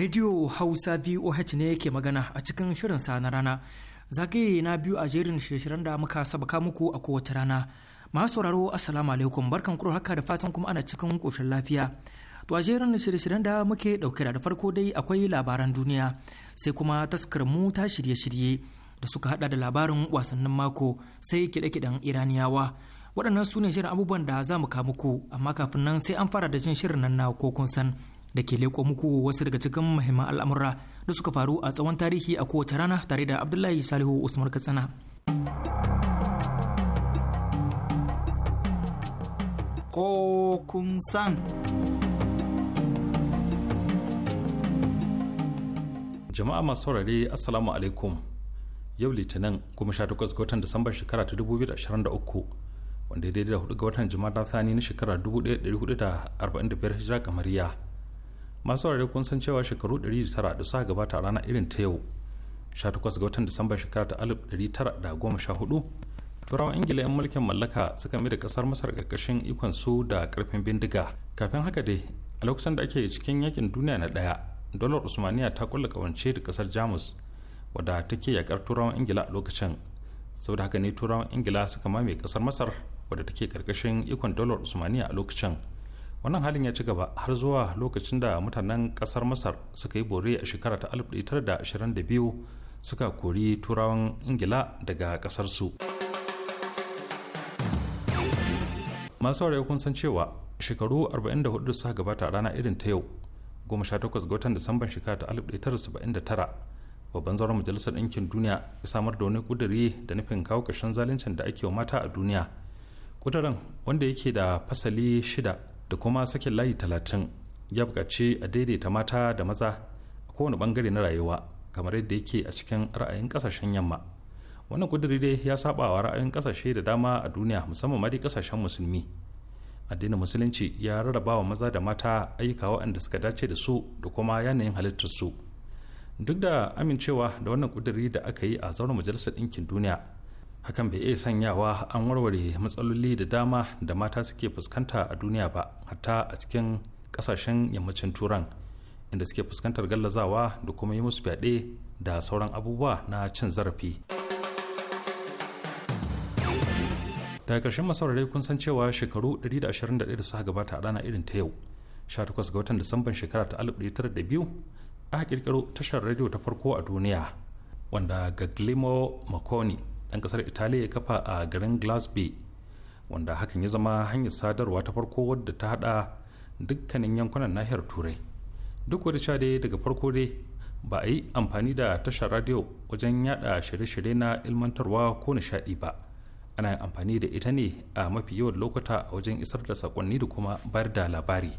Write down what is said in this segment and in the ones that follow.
Radio Hausa VOH ne yake magana a cikin shirin sa na rana. Zagaye na biyu a jerin shirin da muka sabaka muku a kowace rana. Masu sauraro Assalamu alaikum barkan kuro haka da fatan kuma ana cikin koshin lafiya. To a jerin shirin da muke dauke da farko dai akwai labaran duniya sai kuma taskar mu ta shirye-shirye da suka hada da labarin wasannin mako sai kiɗe-kiɗen Iraniyawa. Waɗannan su ne shirin abubuwan da za mu muku amma kafin nan sai an fara da jin shirin nan na ko kun san. da ke leko muku wasu daga cikin muhimman al'amura da suka faru a tsawon tarihi a kowace rana tare da Abdullahi Salihu Usman Katsina. Ko kun san. Jama'a masu saurare Assalamu alaikum. Yau Litinin 18 sha takwas ga watan Disambar shekara ta dubu biyu da ashirin da uku. wanda ya daidai da hudu ga watan jima'a ta thani na shekara 1445 hijira kamariya masu saurare kun san cewa shekaru 109 da suka gabata a ranar irin ta yau 18 ga watan disamba shekara ta 1914 turawan ingila 'yan mulkin mallaka suka mai da kasar masar karkashin ikon su da karfin bindiga kafin haka dai a lokacin da ake cikin yakin duniya na daya dolar usmaniya ta kulla kawance da kasar jamus wadda take yakar turawan ingila a lokacin saboda haka ne turawan ingila suka mame kasar masar wadda take karkashin ikon dolar usmaniya a lokacin wannan halin ya ci gaba har zuwa lokacin da mutanen kasar masar suka yi bore a shekara ta 1922 suka kori turawan ingila daga kasarsu masu wari kun san cewa shekaru 44 suka gabata a rana irin ta yau 18 ga watan disamban shekara ta 1979 babban zauren majalisar ɗinkin duniya ya samar da wani kuduri da nufin kawo ƙarshen zaluncin da ake wa mata a duniya kudurin wanda yake da fasali shida da kuma sakin layi talatin ya buƙaci a daidaita mata da maza a kowane bangare na rayuwa kamar yadda yake a cikin ra'ayin ƙasashen yamma wannan kudiri dai ya saba wa ra'ayin ƙasashe da dama a duniya musamman ma dai ƙasashen musulmi addinin musulunci ya rarraba wa maza da mata ayyuka waɗanda suka dace da su da kuma yanayin halittar su duk da amincewa da wannan kudiri da aka yi a zauren majalisar ɗinkin duniya hakan bai iya sanyawa an warware matsaloli da dama da mata suke fuskanta a duniya ba hatta a cikin kasashen yammacin turan inda suke fuskantar gallazawa da kuma yi musu fyaɗe da sauran abubuwa na cin zarafi daga ƙarshen masaurare kun san cewa shekaru 121 da suka gabata a rana irin ta yau 18 ga watan disamban shekara ta 1902 aka kirkiro tashar rediyo ta farko a duniya wanda gaglimo makoni ɗan ƙasar italiya ya kafa a garin glasby wanda hakan ya zama hanyar sadarwa ta farko wadda ta hada dukkanin yankunan nahiyar turai duk wadda sha dai daga farko dai ba a yi amfani da tashar radio wajen yada shirye-shirye na ilmantarwa ko nishadi ba ana amfani da ita ne a mafi yawan lokuta a wajen isar da sakonni da kuma bayar da labari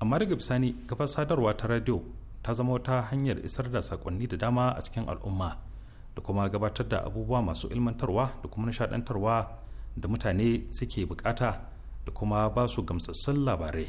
amma daga bisani kafar sadarwa ta radio ta zama wata hanyar isar da sakonni da dama a cikin al'umma da kuma gabatar da abubuwa masu ilmantarwa da kuma nishadantarwa da mutane suke bukata da kuma ba su gamsassun labarai.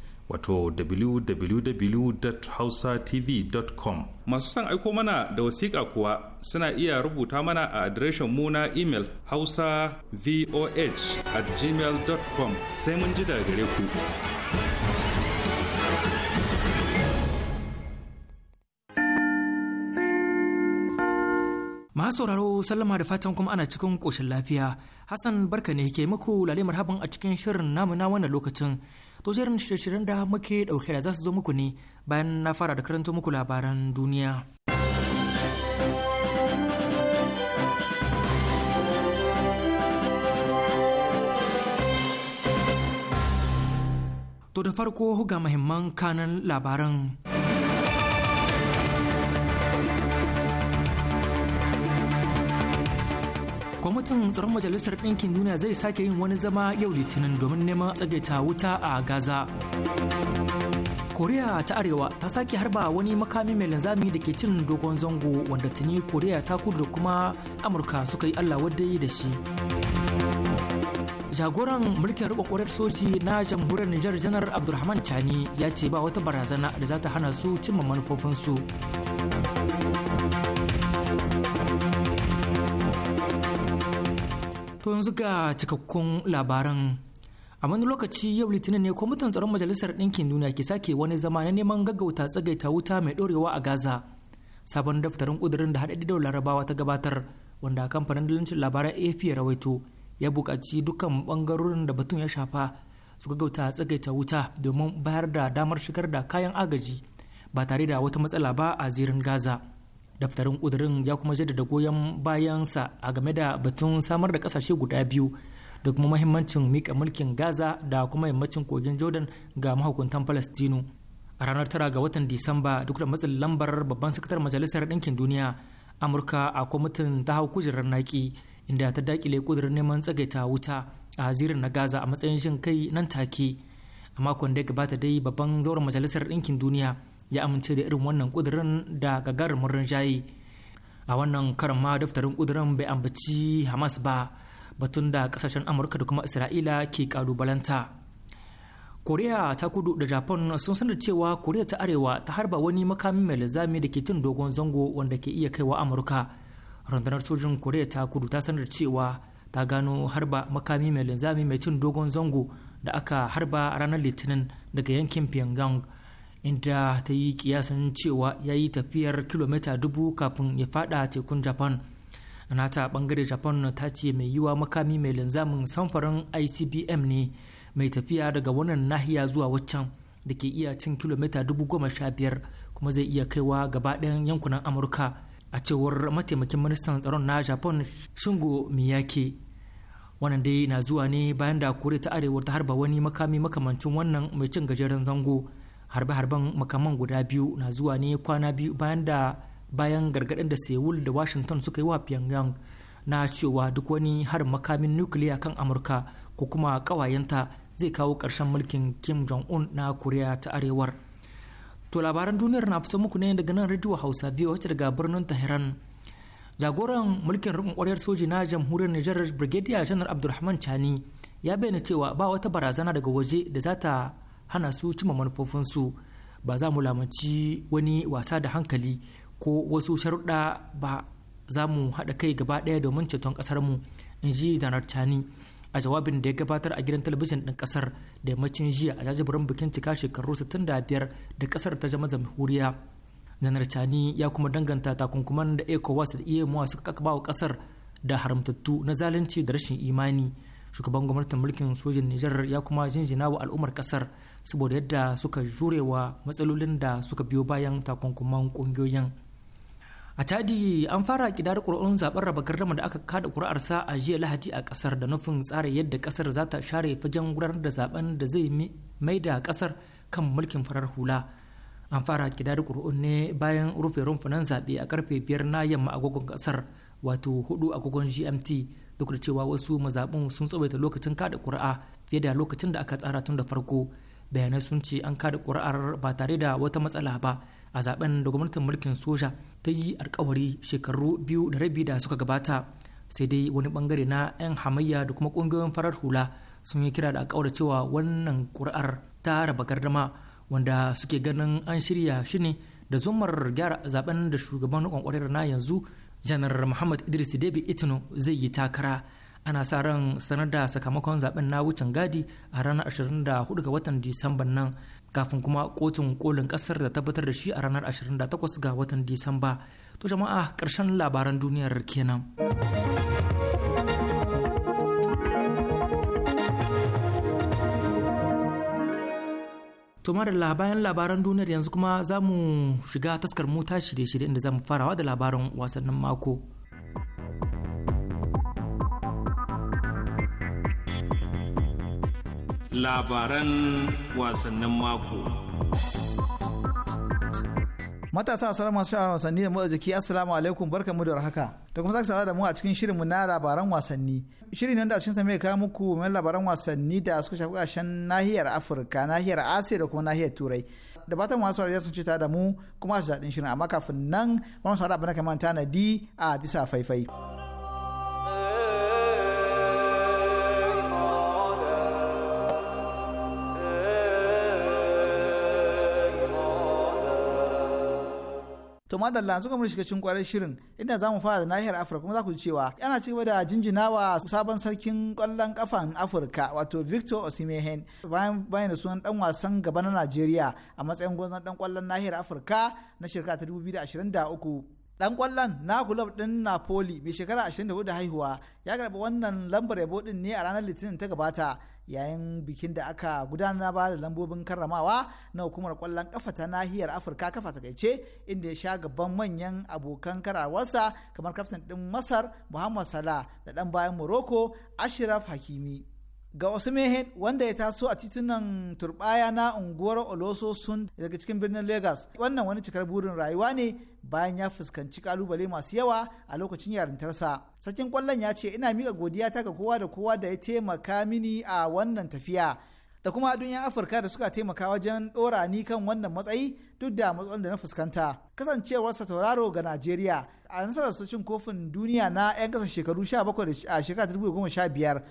wato www.hausatv.com masu son aiko mana da wasiƙa kuwa suna iya rubuta mana a adireshin mu na imel hausa voh at gmail.com sai mun ji daga gare ku masu sauraro sallama da fatan kuma ana cikin koshin lafiya hassan barka ne ke muku lalemar haban a cikin shirin namu na wannan lokacin to jerin shirye-shiryen da muke dauke da za su zo muku ne bayan na fara da karanto muku labaran duniya to da farko ga mahimman kanan labaran kwamitin tsaron majalisar ɗinkin duniya zai sake yin wani zama yau litinin domin neman tsagaita wuta a gaza koriya ta arewa ta sake harba wani makami mai linzami da ke cin dogon zango wanda tuni koriya ta kudu da kuma amurka suka yi allah wadai da shi jagoran mulkin riƙon soji na jamhuriyar nijar janar abdulrahman chani ya ce ba wata barazana da za ta hana su cimma manufofinsu To yanzu ga cikakkun labaran a wani lokaci yau litinin ne kwamitin tsaron majalisar ɗinkin duniya ke sake wani zama na neman gaggauta tsagaita wuta mai ɗorewa a gaza sabon daftarin ƙudurin da haɗe da larabawa ta gabatar wanda kamfanin dalilin labaran af ya rawaito ya buƙaci dukkan ɓangarorin da batun ya shafa su gaggauta tsagaita wuta domin bayar da damar shigar da kayan agaji ba tare da wata matsala ba a zirin gaza daftarin ƙudurin ya kuma jaddada goyon bayansa a game da batun samar da kasashe guda biyu da kuma mahimmancin mika mulkin gaza da kuma yammacin kogin jordan ga mahukuntan palestinu a ranar tara ga watan disamba duk da matsin lambar babban sakatar majalisar ɗinkin duniya amurka a kwamitin ta hau kujerar naki inda ta dakile kudurin neman tsagaita wuta a zirin na gaza a matsayin shin kai nan take a makon da ya gabata dai babban zauren majalisar ɗinkin duniya ya amince da irin wannan kudirin da gagarumin rinjaye a wannan karan ma daftarin kudirin bai ambaci hamas ba batun da kasashen amurka da kuma isra'ila ke kalubalanta koriya ta kudu da japan sun sanar cewa koriya ta arewa ta harba wani makami mai linzami da ke cin dogon zango wanda ke iya kaiwa amurka rundunar sojin koriya ta kudu ta sanar cewa ta gano harba makami mai linzami mai cin dogon zango da aka harba ranar litinin daga yankin pyongyang inda ta yi kiyasin cewa ya yi tafiyar kilomita dubu kafin ya fada tekun japan nata bangare japan ta ce mai yiwa makami mai linzamin samfarin icbm ne mai tafiya daga wannan nahiya zuwa waccan da ke iya cin kilomita dubu goma sha biyar kuma zai iya kaiwa gaba ɗayan yankunan amurka a cewar mataimakin ministan tsaron na japan shingo miyake wannan dai na zuwa ne bayan da kore ta arewa ta harba wani makami makamancin wannan mai cin gajeren zango harbe-harben makaman guda biyu na zuwa ne kwana biyu bayan da bayan gargaɗin da sewul da washington suka yi wa pyongyang na cewa duk wani harin makamin nukiliya kan amurka ko kuma ƙawayenta zai kawo ƙarshen mulkin kim jong-un na koriya ta arewar to labaran duniyar na fito muku ne daga nan radio hausa biyu wacce daga birnin tehran jagoran mulkin rikon kwaryar soji na jamhuriyar nijar brigadier general abdulrahman chani ya bayyana cewa ba wata barazana daga waje da za ta hana su cima manufofinsu ba za mu lamaci wani wasa da hankali ko wasu sharuɗa ba za mu haɗa kai gaba ɗaya domin ceton mu in ji zanar tani a jawabin da ya gabatar a gidan talabijin ɗin ƙasar da yammacin jiya a jajibirin bikin cika shekaru 65 da ƙasar ta zama jamhuriya zanar cani ya kuma danganta takunkuman da ecowas da iyamuwa e suka kakaba wa ƙasar da haramtattu na zalunci da rashin imani shugaban gwamnatin mulkin sojin nijar ya kuma jinjina wa al'ummar ƙasar saboda yadda suka jurewa matsalolin da suka biyo bayan takunkuman kungiyoyin a chadi an fara kidar ƙuri'un zaben raba gardama da aka kada kur'arsa a jiya lahadi a kasar da nufin tsara yadda kasar za ta share fagen gudanar da zaben da zai mai da kasar kan mulkin farar hula an fara kidar kur'un ne bayan rufe rumfunan zaɓe a karfe biyar na yamma agogon kasar wato hudu agogon gmt duk da cewa wasu mazaɓin sun tsawaita lokacin kada kuri'a fiye da lokacin da aka tsara tun da farko bayanai sun ce an kada ƙuri'ar ba tare da wata matsala ba a zaben da gwamnatin mulkin soja ta yi alkawari shekaru biyu da rabi da suka gabata sai dai wani bangare na 'yan hamayya da kuma ƙungiyoyin farar hula sun yi kira da alkawar cewa wannan ƙuri'ar ta raba gardama wanda suke ganin an shirya shi ne da zumar gyara zaben da shugaban kwankwarar na yanzu janar muhammad idris debi itino zai yi takara ana sa ran sanar da sakamakon zaben na wucin gadi a ranar 24 ga watan disamban nan kafin kuma kotun kolin kasar da tabbatar da shi a ranar 28 ga watan disamba to jama'a karshen labaran duniyar kenan tumar da bayan labaran duniyar yanzu kuma za mu shiga taskar mota shirye-shirye inda za mu farawa da labaran wasannin mako labaran wasannin mako. Matasa sauran masu shawarar wasanni da motsa jiki assalamu alaikum mu da haka da kuma sake da mu a cikin shirinmu na labaran wasanni. Shirin nan da cikin sa mai kawo muku mai labaran wasanni da suka shafi ƙarshen nahiyar Afirka, nahiyar Asiya da kuma nahiyar Turai. Da fatan masu saurari sun ci da mu kuma su daɗin shirin amma kafin nan mamu saurari abin da kamar tanadi a bisa faifai. To madalla suka mun shiga cikin kwarar shirin inda za mu fara da nahiyar Afirka kuma za ku ji cewa yana ci gaba da jinjinawa sabon sarkin kwallon kafan Afirka wato Victor Osimhen bayan bayan da sunan dan wasan gaba na Najeriya a matsayin gwazon dan kwallon nahiyar Afirka na shekara ta 2023. dan kwallon na kulob din napoli mai shekara 24 da haihuwa ya karbi wannan lambar yabo din ne a ranar litinin ta gabata yayin bikin da aka gudana ba da lambobin karramawa na hukumar kwallon kafa ta nahiyar afirka kafa ta kaice inda ya sha gaban manyan abokan karawarsa kamar kaftin din masar muhammad salah da dan bayan morocco ashraf hakimi ga wasu wanda ya taso a titunan turbaya na unguwar oloso sun daga cikin birnin lagos wannan wani cikar burin rayuwa ne bayan ya fuskanci kalubale masu yawa a lokacin yarintarsa sakin kwallon ya ce ina miƙa ta ga kowa da kowa da ya taimaka mini a wannan tafiya da kuma duniyar afirka da suka taimaka wajen ɗora ni kan wannan matsayi duk da matsalolin da na fuskanta kasancewarsa tauraro ga najeriya a nasarar cin kofin duniya na 'yan ƙasa shekaru 17 a shekarar 2015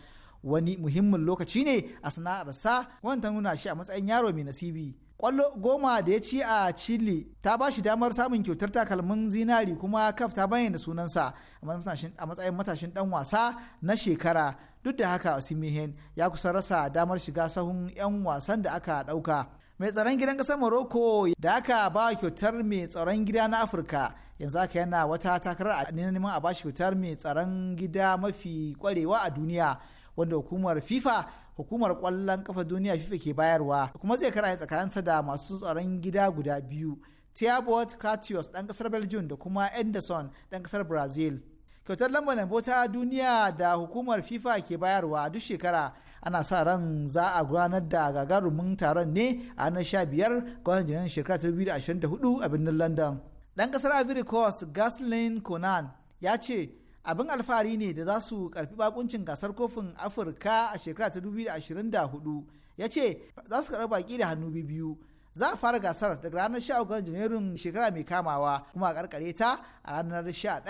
wani muhimmin lokaci ne a sana'arsa wanda ta nuna shi a matsayin yaro mai nasibi kwallo goma da ya ci a chile ta ba shi damar samun kyautar takalmin zinari kuma kaf ta bayyana sunansa a matsayin matashin dan wasa na shekara duk da haka simihen ya kusa rasa damar shiga sahun 'yan wasan da aka dauka mai tsaron gidan kasar morocco da aka ba kyautar mai tsaron gida na afirka yanzu aka yana wata takarar a neman a ba shi kyautar mai tsaron gida mafi kwarewa a duniya wanda hukumar FIFA hukumar kwallon kafa duniya FIFA ke bayarwa kuma zai kara tsakaninsa da masu tsaron gida guda biyu Thibaut katios ɗan ƙasar Belgium da kuma Anderson ɗan ƙasar Brazil kyautar lambar yabo ta duniya da hukumar FIFA ke bayarwa duk shekara ana sa ran za a gudanar da gagarumin taron ne a ranar biyar ga watan shekara ta hudu a birnin London ɗan ƙasar Ivory Coast Gaslin Conan ya ce abin alfahari ne da za su karfi bakuncin gasar kofin afirka a shekara ta 2024 ya ce za su karɓi baki da hannu biyu za a fara gasar daga ranar 13 ga janairun shekara mai kamawa kuma a karkare ta a ranar 11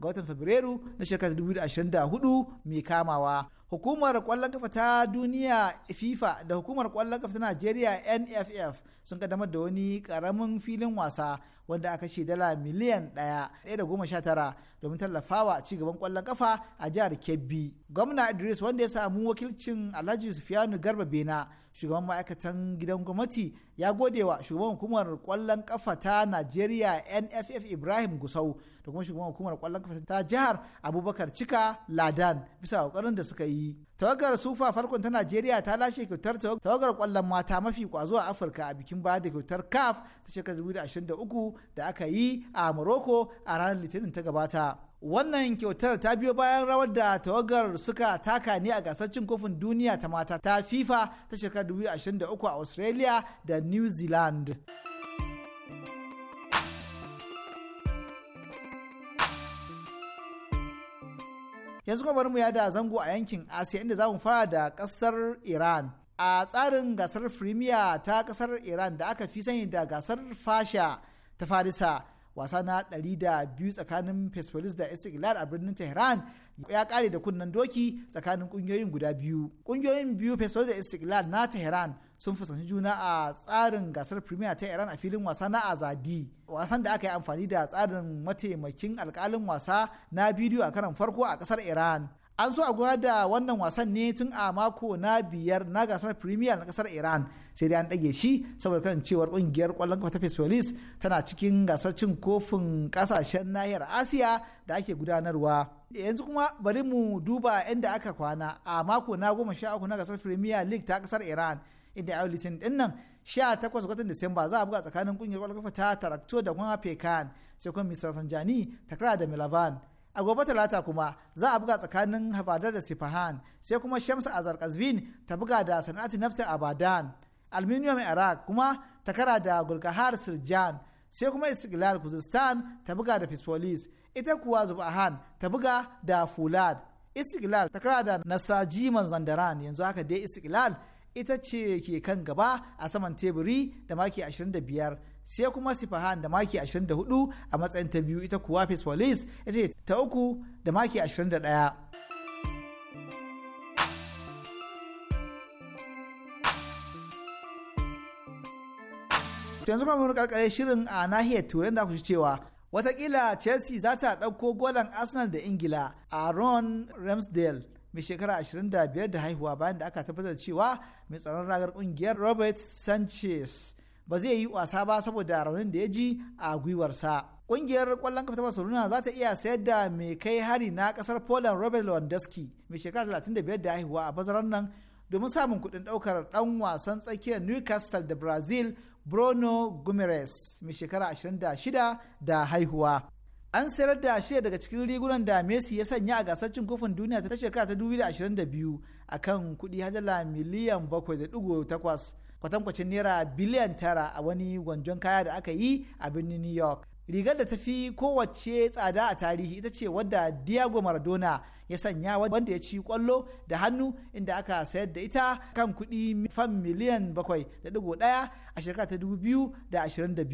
ga watan fabrairu na shekarar 2024 mai kamawa hukumar kwallon kafa ta duniya fifa da hukumar kwallon kafa ta najeriya nff sun kaddamar da wani karamin filin wasa wanda aka ce dala miliyan ɗaya ɗaya da goma sha tara domin tallafawa ci gaban kwallon kafa a jihar kebbi gwamna idris wanda ya samu wakilcin alhaji sufiyanu garba bena shugaban ma'aikatan gidan gwamnati ya gode wa shugaban hukumar kwallon kafa ta najeriya nff ibrahim gusau da kuma shugaban hukumar ƙwallon kafa ta jihar abubakar cika ladan bisa kokarin da suka yi tawagar sufa farkon ta najeriya ta lashe kyautar tawagar ƙwallon mata mafi kwazo a afirka a bikin bikin ba da kyautar CAF ta shekarar 2023 da aka yi a Morocco a ranar Litinin ta gabata. Wannan kyautar ta biyo bayan rawar da tawagar suka taka ne a gasar cin kofin duniya ta mata ta FIFA ta shekarar 2023 a Australia da New Zealand. yanzu kuma bari mu yada zango a yankin asiya inda za mu fara da kasar iran a tsarin gasar firimiya ta kasar iran da aka fi sani da gasar fasha ta farisa wasa na 200 tsakanin persepolis da istiklal a birnin tehran ya kare da kunnen doki tsakanin kungiyoyin guda biyu kungiyoyin biyu persepolis da istiklal na tehran sun fuskanci juna a tsarin gasar firimiya ta iran a filin wasa na azadi wasan da aka yi amfani da tsarin mataimakin alkalin wasa na bidiyo a karan farko a kasar iran an so a gudanar da wannan wasan ne tun a mako na biyar na gasar premier na kasar iran sai dai an ɗage shi saboda kan cewar ƙungiyar ƙwallon kafa ta police tana cikin gasar cin kofin kasashen nahiyar asiya da ake gudanarwa yanzu kuma bari mu duba inda aka kwana a mako na goma sha uku na gasar premier league ta kasar iran inda a litin din nan 18 watan Disamba za a buga tsakanin kungiyar kwallon kafa ta Tarakto da kuma Pekan sai kuma Misar Tanjani takara da Milavan a gobe talata kuma za a buga tsakanin habadar da sifahan sai kuma shamsa azar kazvin ta buga da sana'ati nafta abadan aluminium iraq kuma ta kara da gurkahar sirjan sai kuma istiklal kuzistan ta buga da fispolis ita kuwa zubahan ta buga da fulad istiklal ta kara da nasajiman zandaran yanzu haka dai istiklal ita ce ke kan gaba a saman teburi da maki 25 sai kuma sifahan da maki 24 a matsayin ta biyu ita kuwa face police ita ce ta uku da maki 21 yanzu kuma mun karkare shirin a nahiyar turai da cewa watakila chelsea za ta ɗauko golan arsenal da ingila a ron ramsdale mai shekara 25 da haihuwa bayan da aka tabbatar cewa mai tsaron ragar kungiyar robert sanchez ba zai yi wasa ba saboda raunin da ya ji a gwiwarsa ƙungiyar ƙwallon kafa ta barcelona za ta iya sayar da mai kai hari na kasar poland robert lewandowski mai shekara 35 da haihuwa a bazarar nan domin samun kuɗin ɗaukar ɗan wasan tsakiyar newcastle da brazil bruno gumeres mai shekara 26 da haihuwa an sayar da shida daga cikin rigunan da messi ya sanya a gasar cin kofin duniya ta shekara ta 2022 akan kuɗi hajjala miliyan 7.8 kwatankwacin naira biliyan tara a wani gwanjon kaya da aka yi a birnin new york rigar da ta fi kowace tsada a tarihi ita ce wadda diego maradona ya sanya wanda ya ci kwallo da hannu inda aka sayar da ita kan kuɗi fan miliyan bakwai da digo daya a shekara ta dubu da ashirin da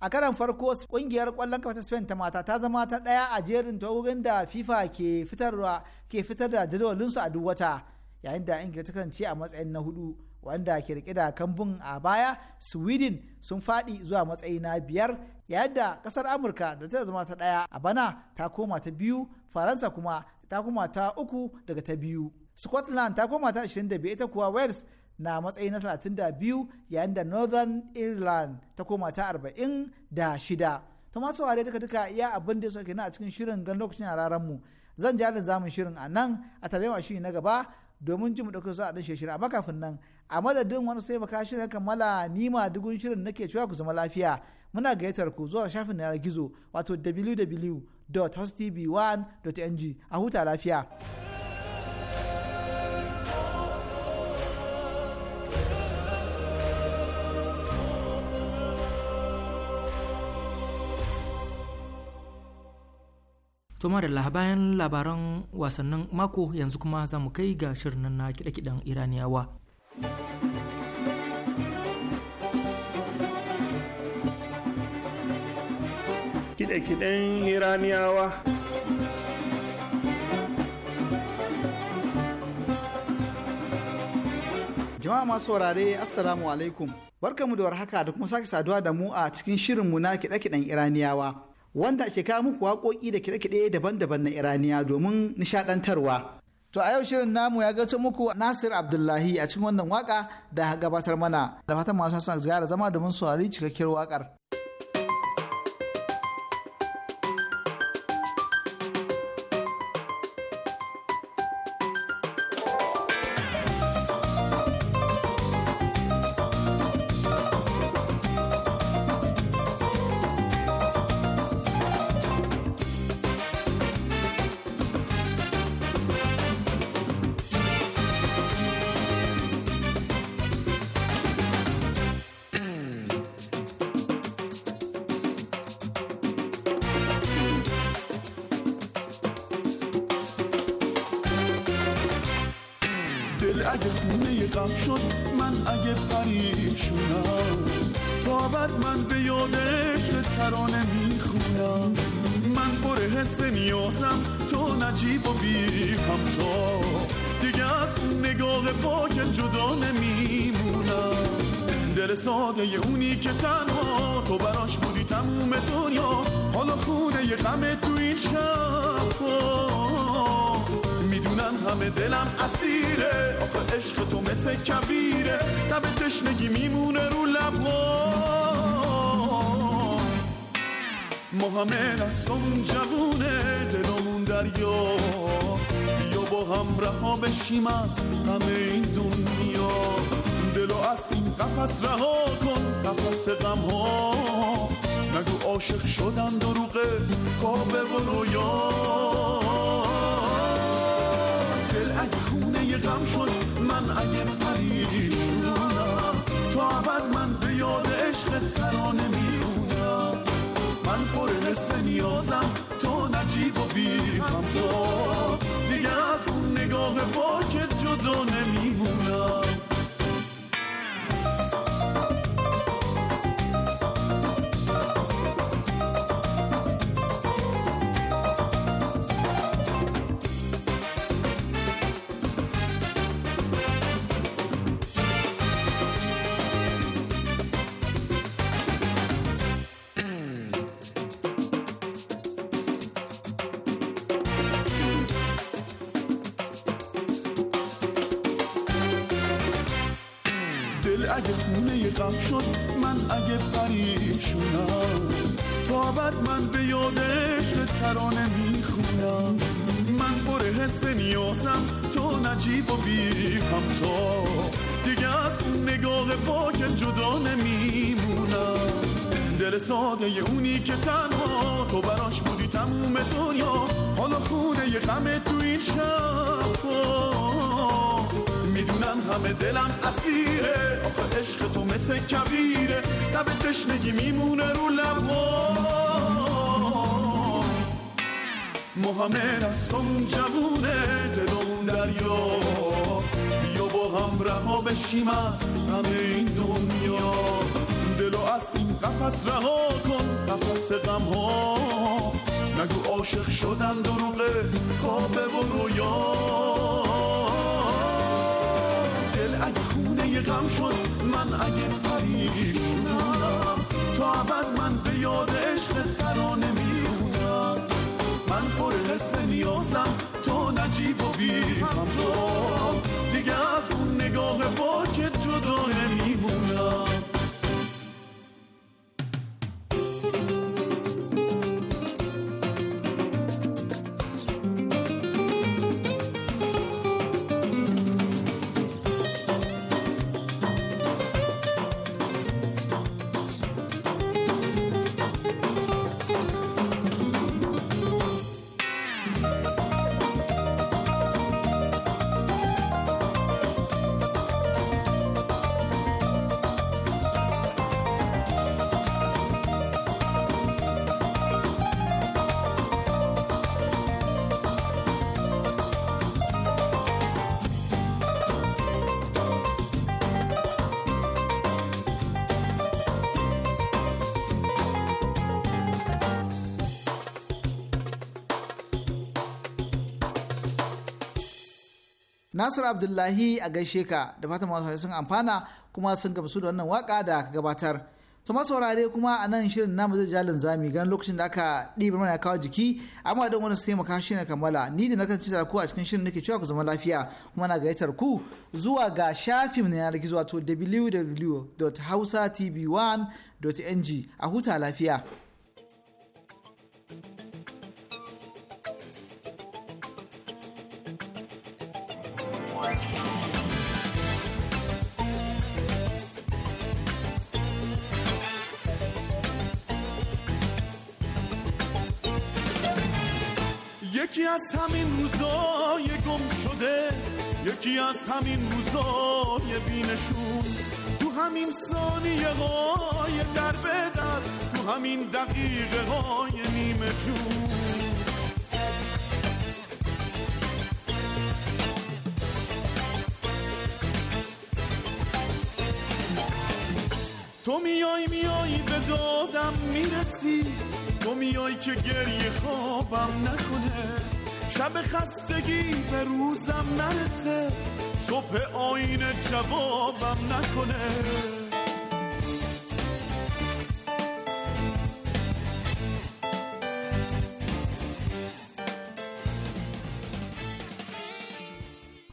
a karan farko kungiyar kwallon kafa ta spain ta mata ta zama ta daya a jerin taurin da fifa ke fitar da jadawalinsu a duk wata yayin da ingila ta kasance a matsayin na hudu wanda ke rike da kambun a baya sweden sun faɗi zuwa matsayi na biyar yayin da ƙasar amurka da ta zama ta daya a bana ta koma ta biyu faransa kuma ta koma ta uku daga ta biyu scotland ta koma ta 25 ita kuwa wales na matsayi na 32 yayin da northern ireland ta koma ta 46 to masu ware duka duka iya abin da suke na a cikin shirin gan lokacin a mu zan jalin zamun shirin a nan a tabe shi na gaba domin jin ɗauki za a ɗan shirin amma kafin nan a madadin wani sai baka shirin kammala nima dugun shirin nake cewa ku zama lafiya muna gayyatar ku zuwa shafin na gizo wato www.hostv1.ng a huta lafiya. to da bayan labaran wasannin mako yanzu kuma za mu kai ga shirin na kiɗe-kiɗen iraniyawa kiɗe iraniyawa jama'a masu wurare assalamu alaikum barkamu da warhaka da kuma sake saduwa da mu a cikin shirin mu na kiɗa-kiɗan iraniyawa wanda ke kawo muku waƙoƙi da kiɗe-kiɗe daban-daban na iraniya domin nishaɗantarwa. to a yau shirin namu ya gaci muku nasir abdullahi a cikin wannan waƙa da gabatar mana da fatan masu son gara zama domin saurari cikakkiyar waƙar. دل اگه خونه غم شد من اگه پریشونم تا بعد من به یادش ترانه میخونم من پر حس نیازم تو نجیب و بی همتا دیگه از نگاه پاک جدا نمیمونم دل ساده اونی که تنها تو براش بودی تموم دنیا حالا خونه غم تو این شب همه دلم اسیره آخه عشق تو مثل کبیره تب تشنگی میمونه رو لبها ما همه دستمون جوونه دلمون دریا بیا با هم رها بشیم از همه این دنیا دلو از این قفص رها کن قفص غم ها نگو عاشق شدن دروغه کابه و رویا Señor. ابد من به یادش ترانه میخونم من پر حس نیازم تو نجیب و بی همتا دیگه از نگاه پاک جدا نمیمونم دل ساده اونی که تنها تو براش بودی تموم دنیا حالا خونه یه غم تو این شب میدونم همه دلم اسیره آخه عشق تو مثل کبیره تب دشنگی میمونه رو لبا محمد از اون جوونه دلون دریا بیا با هم رها بشیم از همه این دنیا دلو از این قفص رها کن قفص غم ها نگو عاشق شدن دروغه خواب و رویا دل اگه خونه غم شد من اگه پریشونم تو Nasir Abdullahi a gaishe ka da fatan masu sun amfana kuma sun gamsu da wannan waka da ka gabatar. To masu saurare kuma a nan shirin namu zai jalin zami gan lokacin da aka ɗiba mana kawo jiki amma don wani su taimaka shi na kammala ni da na nakan ci ku a cikin shirin nake cewa ku zama lafiya kuma na gayyatar ku zuwa ga shafin na yanar gizo wato www.hausatv1.ng a huta lafiya. یکی از همین روزای گم شده یکی از همین روزای بینشون تو همین ثانیه های در بدر تو همین دقیقه های نیمه جون تو میای میای به دادم میرسی تو میای که گریه خوابم نکنه شب خستگی به روزم نرسه صبح آینه جوابم نکنه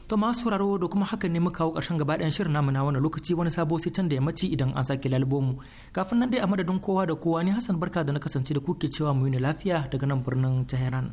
To masu sauraro da kuma hakan ne muka kawo ƙarshen gaba ɗayan shirin namu na wani lokaci wani sabo sai can da yammaci idan an sake lalbomu. Kafin nan dai a madadin kowa da kowa ne Hassan barka da na kasance da kuke cewa mu yi lafiya daga nan birnin Tehran.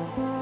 Thank you.